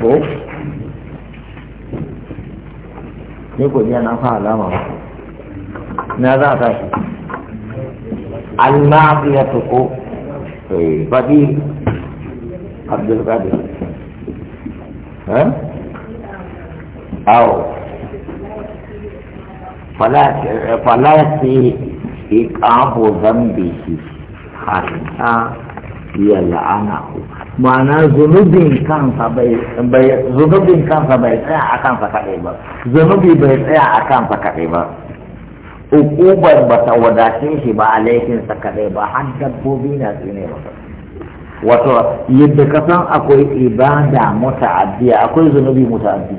ko ne ko jiya na fa alama ba na za a tashi al-ma'siyatu ko eh, fadi abdul qadir eh? aw fala fala si iqabu dhanbihi hatta ma'ana zunubin kansa bai tsaya a kansa kaɗai ba zunubi bai tsaya a kansa kaɗai ba ukubar ba ta wadace shi ba a laifinsa kaɗai ba har dabbobi na tsine ba wato yadda ka san akwai ibada muta'addiya akwai zunubi muta'addi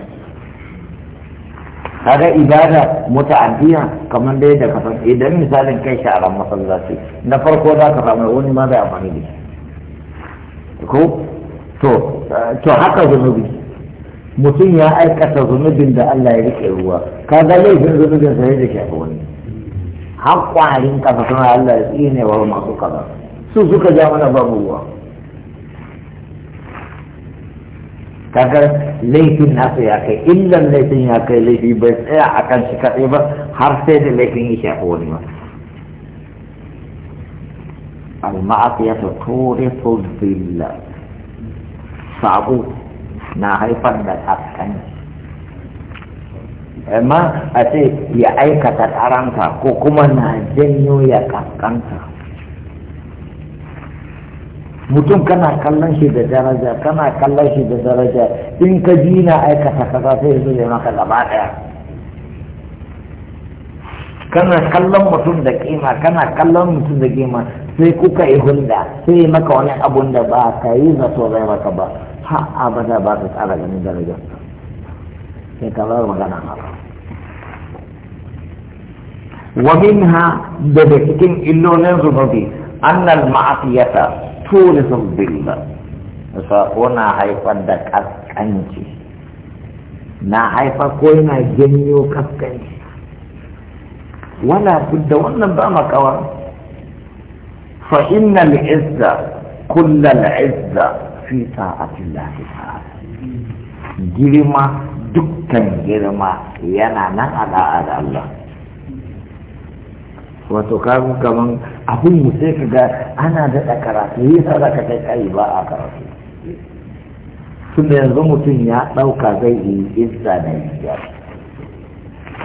kaga ibada muta'addiya kamar dai da ka san idan misalin kai sharan masallaci na farko za ka samu wani ma bai amfani da shi ko to to haka zunubi mutum ya aikata zunubin da Allah ya rike ruwa kaga laifin zunubin sai da shafi wani har kwarin kasa suna Allah ya tsine wa masu kaza su suka ja mana babu ruwa kaga laifin nasu ya kai illan laifin ya kai laifi bai tsaya akan shi kaɗai ba har sai da laifin ya shafi wani ba المعصية تورث الذل صعبو da بالحقن amma a ce ya aikata karanta ko kuma na janyo ya kaskanta mutum kana kallon shi da daraja kana kallon shi da daraja in ka ji na aikata kaza sai zo ya maka gaba daya, kana kallon mutum da kima kana kallon mutum da kima sai kuka yi hulɗa sai maka wani abun da ba ka yi zato zai maka ba ha abada ba ka tsara ganin darajar sai ka zara magana haka wa minha daga cikin illolin zunubi annal ma'asiyata turizm billah sako na haifar da kaskanci na haifar ko yana janyo kaskanci wala da wannan ba makawar فإن العزة كل العزة في طاعة الله تعالى جرمة دكا جرمة ينانا على على الله wato kamun kaman abin mu sai ka ga ana daɗa karatu yi sa ka kai kai ba a karatu tunda yanzu mutum ya ɗauka zai yi izza da yiya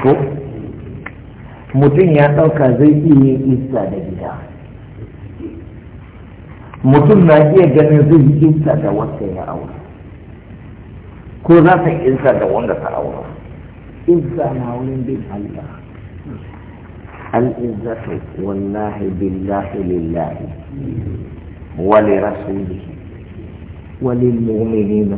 ko mutum ya ɗauka zai iya izza da gida mutum na iya ganin zai yi insa da wanda ya aure ko za ta insa da wanda ta aure insa na wurin bin Allah al'izzatu wallahi billahi lillahi wa li rasulihi wa lil mu'minin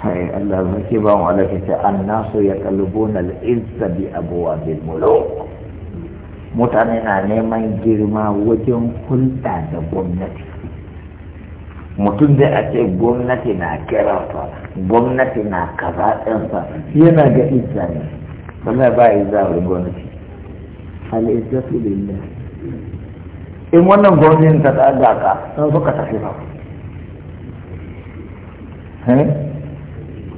hay Allah zaki ba mu alaka ta annasu yaqlubuna al-izza bi abwabil muluk mutane na neman girma wajen hulɗa da gwamnati mutum zai a ce gwamnati na fa, gwamnati na kaza ɗansa yana ga izza ne wannan ba a wa gwamnati da yi in wannan gwamnati ta tsaga ka sun suka tafi ba eh?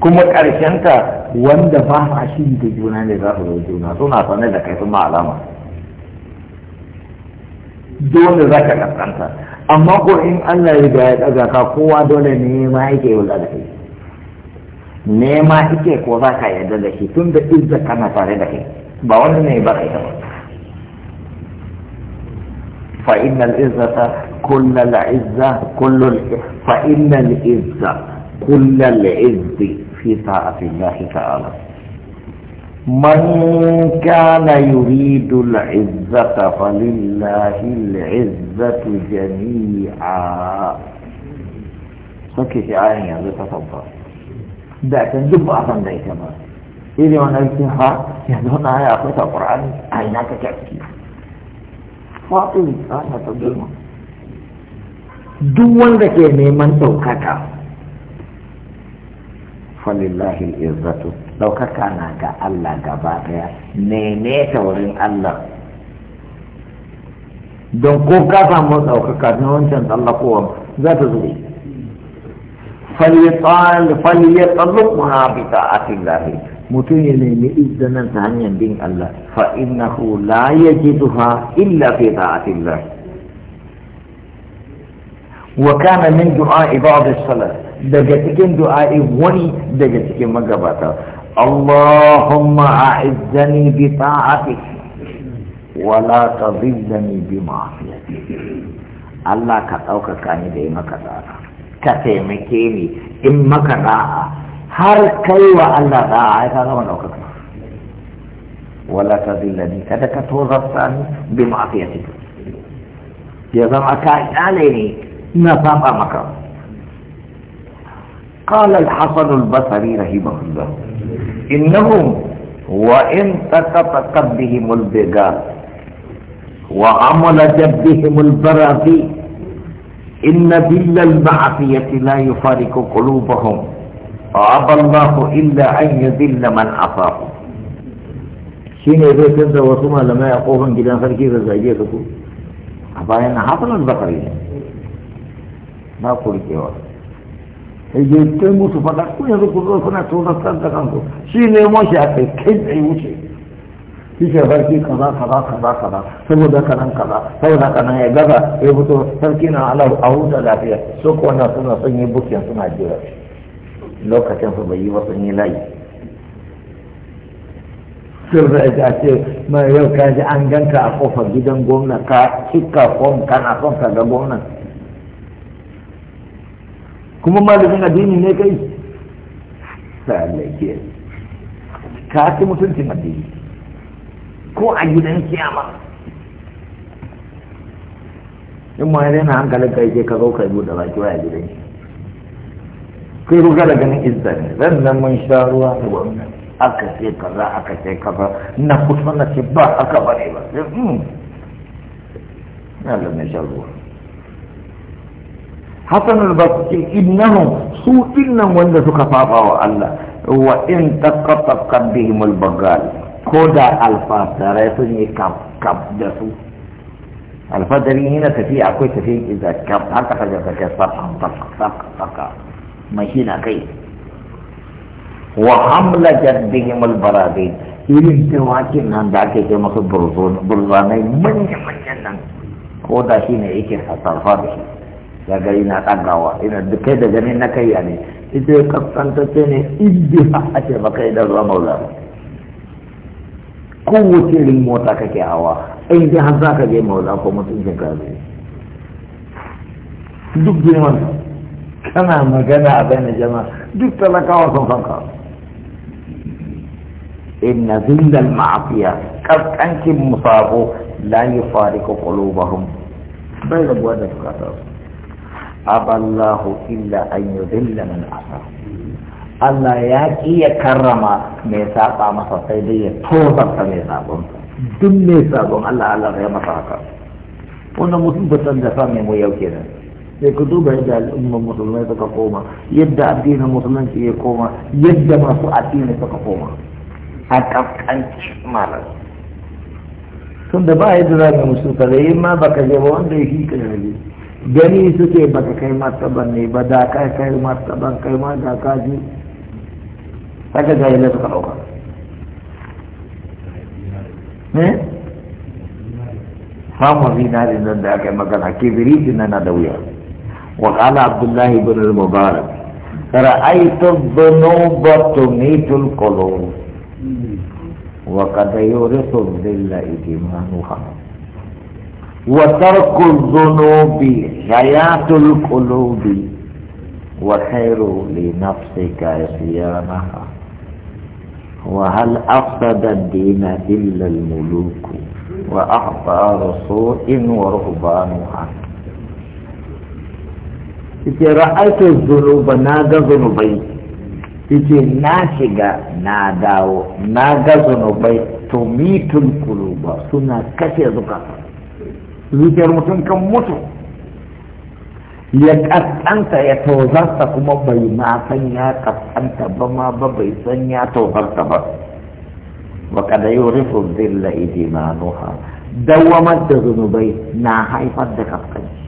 kuma ƙarshenta wanda ba a shi da juna ne za su zo juna suna sane da kai sun ma alama dole za ka kaskanta amma ko in Allah ya ga ya daga ka kowa dole nema yake wula da kai nema yake ko za ka yarda da shi tun da izza kana tare da kai ba wani ne ba kai ba fa innal izzata kullal izza kullul fa innal izza kullal izzi fi ta'atillah ta'ala من كان يريد العزة فلله العزة جميعا سكي في آية يا تصبر ده دعك دب أصلا ده كمان إذا أنا قلتها يا دون آية أخذت القرآن أينك تأتي فاطمة أنا تدرمه duk wanda نيمان neman فلله العزة izzatu ɗaukaka na ga Allah gaba ɗaya nene ta wurin Allah don ko ka samu ɗaukaka na wancan tsallakowar za ta zube faliyar tsallon muhabita a lahi mutum ya nemi izdanan ta hanyar bin Allah fa innahu la yajiduha illa fi ta'atin lahi wa kana min du'a ibadu salat daga cikin du'a'i wani daga cikin magabata اللهم أعزني بطاعتك ولا تضلني بمعصيتك الله كتوك كاني دي مكتا كتمكيني إن مكتا هر كيوة الله داعي كما نوكك ولا تضلني كذا كتوزرتني بمعصيتك يا زمع كاين عليني نظام مكة قال الحسن البصري رحمه الله إنهم وإن تقطقت بهم البقار وعمل جبهم البراثي إن دل المعفية لا يفارق قلوبهم وعب الله إلا أن يذل من عصاه شين يبقى كنت وصوما لما يقوهم جدا فركي فزاجيه تقول أبا أنا حصل البقرية ما قلت يا وصوما je kai musu fada ku yanzu ku zo kuna tozartar da kanku shi ne shi a kai kai tsaye wuce shi ke farki kaza kaza kaza kaza saboda kanan kaza saboda kanan ya gaza ya fito sarki na alahu a huta lafiya So ko na suna son yi bukin suna jira lokacin su bai yi ba sun yi layi sun rage a ce mai yau ka ji an ganka a kofar gidan gwamna ka cika fom kana son ka ga gwamnan kuma malamin addini ne kai sallake ka ci mutuncin addini ko a gidan kiyama in ma yana hankalin kai ke ka zo ka buɗe baki waya gidan shi kai ruga da ganin izza ne zan nan mun sha ruwa da wannan aka ce kaza aka ce kaza na kusa na ce ba aka bare ba sai hmm. na da na sha ruwa al basri innahum su inna wanda suka fafa wa Allah wa in taqatta bihimul bagal ko da alfatarai sun yi kaf da su alfadari yana tafi akwai tafi, iza kam? haka kaga kake saka saka saka mashina kai wa hamla jaddihim albaradin irin dawakin nan da ake kai masu burzanai manya-manyan nan ko da shi ne yake hasarfa da ya ga ina tsagawa ina duk kai da gani na kai ya ne ita ya kaskantacce ne idda a ce maka idan zuwa maula kowace rin mota kake hawa in ji har za ka je maula ko mutuncin ka zai duk girman kana magana a bayan jama'a duk talakawa sun fanka ka inna zindal ma'afiya kaskancin musabo la yufariqu qulubahum bai rabuwa da fukatarsu aballahu illa an yudilla man asa Allah ya ƙi ya karrama mai saba masa sai dai ya tozarta mai sabon duk mai sabon Allah Allah ya masa haka wannan musubatan da sa mai mu yau nan. sai ku duba yadda al'ummar musulmai suka koma yadda addinin musulunci ya koma yadda masu addini suka koma a ƙasƙanci malar tun da ba yadda za ka musu ka zai ma baka je ba wanda ya fi ka yaje gani suke baka kai martaban ne ba da kai kai martaban kai ma da ka ji haka ga yadda suka ɗauka samun zinari nan da aka yi magana kibiriti nan na da wuya wa kala abdullahi bin al-mubarak رأيت الذنوب تميت القلوب وقد يورث الذل إدمانها وترك الذنوب حياة القلوب وخير لنفسك صيامها وهل أفسد الدين إلا الملوك وأعطى رسول ورهبانها إذا رأيت الذنوب نادى ذنوبي إذا ناشق ناداو نادى ذنوبي تميت القلوب سنة كثيرة zuciyar mutum kan mutu ya kaskanta ya tozarta kuma bai ma san ya kaskanta ba ma ba bai san ya tozarta ba wa kada yi rufin zilla iji ma nuha dawamar da zunubai na haifar da kaskanci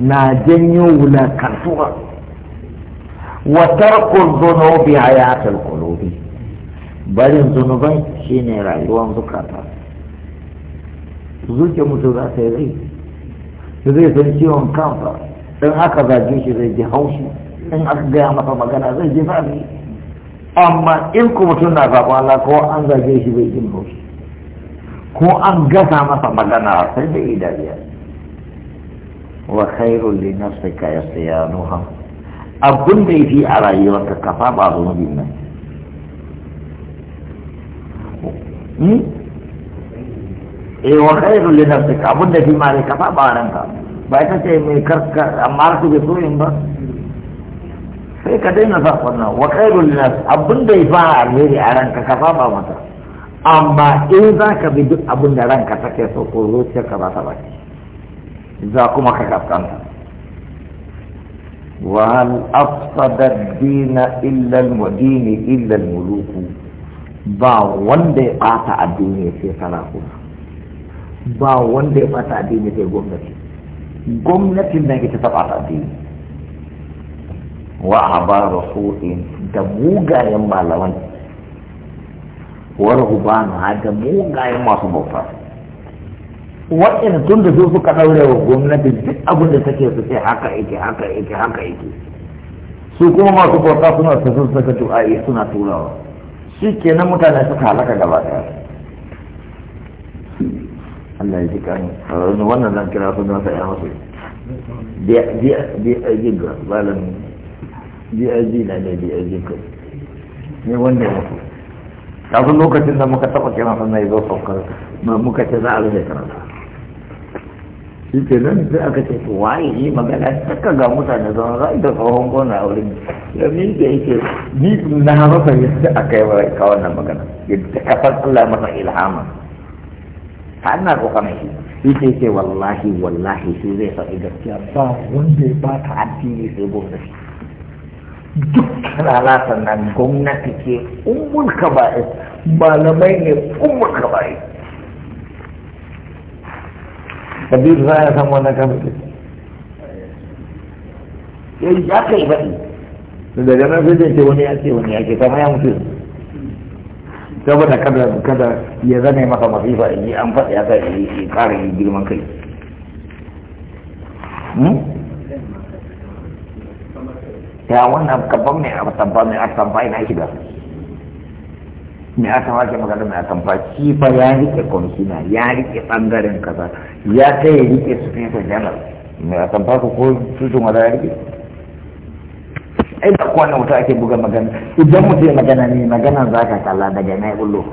na janyo wulakantuwa wa tarkul zunubi hayatul qulubi barin zunubai shine rayuwar zukata zuciya mutum za ta yi rai zai san ciwon kansa in aka zage shi zai ji haushi in aka gaya masa magana zai ji zafi amma in ku mutum na zaɓa Allah ko an zage shi zai jin haushi ko an gasa masa magana sai da yi dariya wa khairul li nafsika yasyanuha abun da yafi a rayuwarka ka saba zunubin nan hmm? eh wa khairul li nafsika abun da fi mare ka fa ba ka ba ita ce mai karka amma ku bi yin ba sai ka daina sa wannan wa khairul li nafs abun da fa alheri a ranka ka fa ba mata amma in za ka bi duk abun da ranka take so ko ka ba ta ba za kuma ka kaskanta illa al الدين illa al إلا ba wanda ya قاطع addini sai سلاكنا ba wanda ya fata addini sai gwamnati gwamnatin nan ita ta fata addini wa ba su'in da mugayen malaman wa rubana da mugayen masu bauta waɗanda tun da su suka ɗaure wa gwamnati duk abin da take su sai haka yake haka yake haka yake su kuma masu bauta suna su sun saka du'a'i suna turawa shi kenan mutane suka halaka gaba ɗaya Allah ya ji kan wannan zan kira su nasa ya hasu DIG ga balan DIG na ne DIG ka ne wanda ya mutu kafin lokacin da muka taɓa kira sun yi zo saukar muka ce za a rufe karanta shi ke nan sai aka ce to waye yi magana saka ga mutane zama za a da tsohon gona a wurin domin da yake ni na masa yadda aka yi wa kawo wannan magana yadda kafar Allah masa ilhama har na roƙa mai shi sai ce wallahi wallahi shi zai faɗi gaskiya ba wanda ya ba ta addini sai gwamnati dukkan alasan nan gwamnati ke umul kaba'ir malamai ne umul kaba'ir kabiru za ya san wannan kamar ya yi ya kai faɗi daga nan sai ce wani ya ce wani ya ce kama ya mutu saboda kada kada ya zane masa masifa in yi an faɗi ya sa yi ƙara yi girman kai hmm? ya wannan kabban mai atamfa mai atamfa ina shiga mai atamfa ke magana mai atamfa shi fa ya rike kwamishina ya rike ɓangaren kaza ya kai ya rike su fesa janar mai atamfa ko tutun wada ya rike ai da kowane wuta ake buga magana idan mutum ya magana ne magana za ka kalla daga na ulo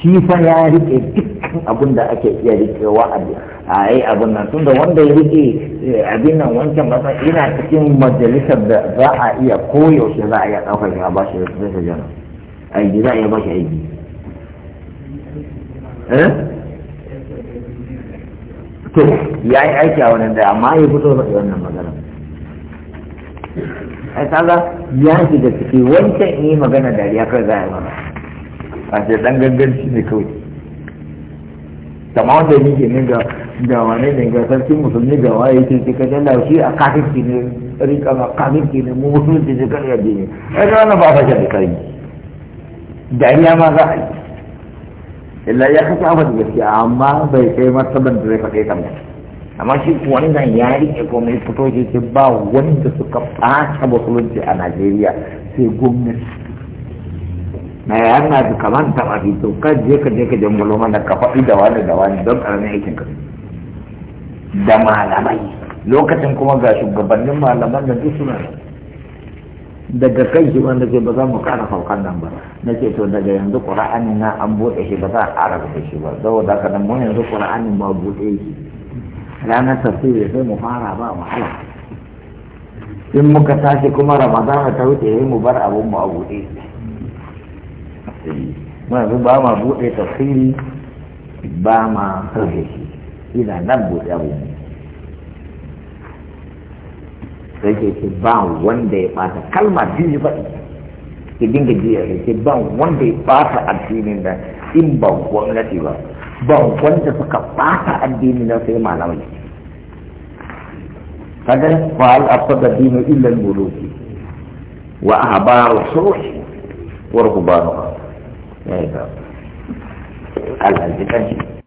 shi fa ya rike dukkan abin da ake iya rikewa a yi abin nan tunda wanda ya rike eh, abin nan wancan masa ina cikin majalisar da za a iya koyaushe za a iya ɗaukar shi a ba shi rikicin jana aiki za a iya ba shi aiki eh? to ya yi aiki a wannan da amma ya fito da wannan magana ai kaga ya shiga ciki wancan yi magana dariya kar za a yi mana a ce dan ganganci ne kawai tamam da ni ne ga ga wane ne ga sarki musulmi ga waye ce ce kaje da shi a kafirci ne rika ga kafirci ne mu musulunci ce kar ya dini ai ga wannan ba fa da kai dariya ma za a yi illa ya kasa abin gaskiya amma bai kai martaban da zai faɗe ta mutum amma shi wannan ya rike komai fito shi ce ba wanda suka ɓata musulunci a najeriya sai gwamnati na ya na da kaman ta fito kan je ka je ka je mulman da ka faɗi da wani da wani don ƙaramin aikin ka da malamai lokacin kuma ga shugabannin malaman da duk suna daga kai shi wanda ke ba za mu kara faukan nan ba na ce to daga yanzu ƙura'ani na an buɗe shi ba za a ƙara shi ba saboda haka nan mun yanzu ƙura'ani ma buɗe shi ranar tafsiri sai mu fara ba wahala in muka tashi kuma ramadana ta wuce sai mu bar abun mu a buɗe yanzu ba ma buɗe tafsiri ba ma rufe shi ina nan buɗe abun mu sai ke ce ba wanda ya ɓata kalma biyu faɗi ki dinga jiya ya ce ba wanda ya ɓata addinin da in ba gwamnati ba ba wanda suka ɓata addinin na sai malamai قد فعل أفسد الدين إلا الملوك وأحبار الشروح ورهبانها يا إباب الهزكان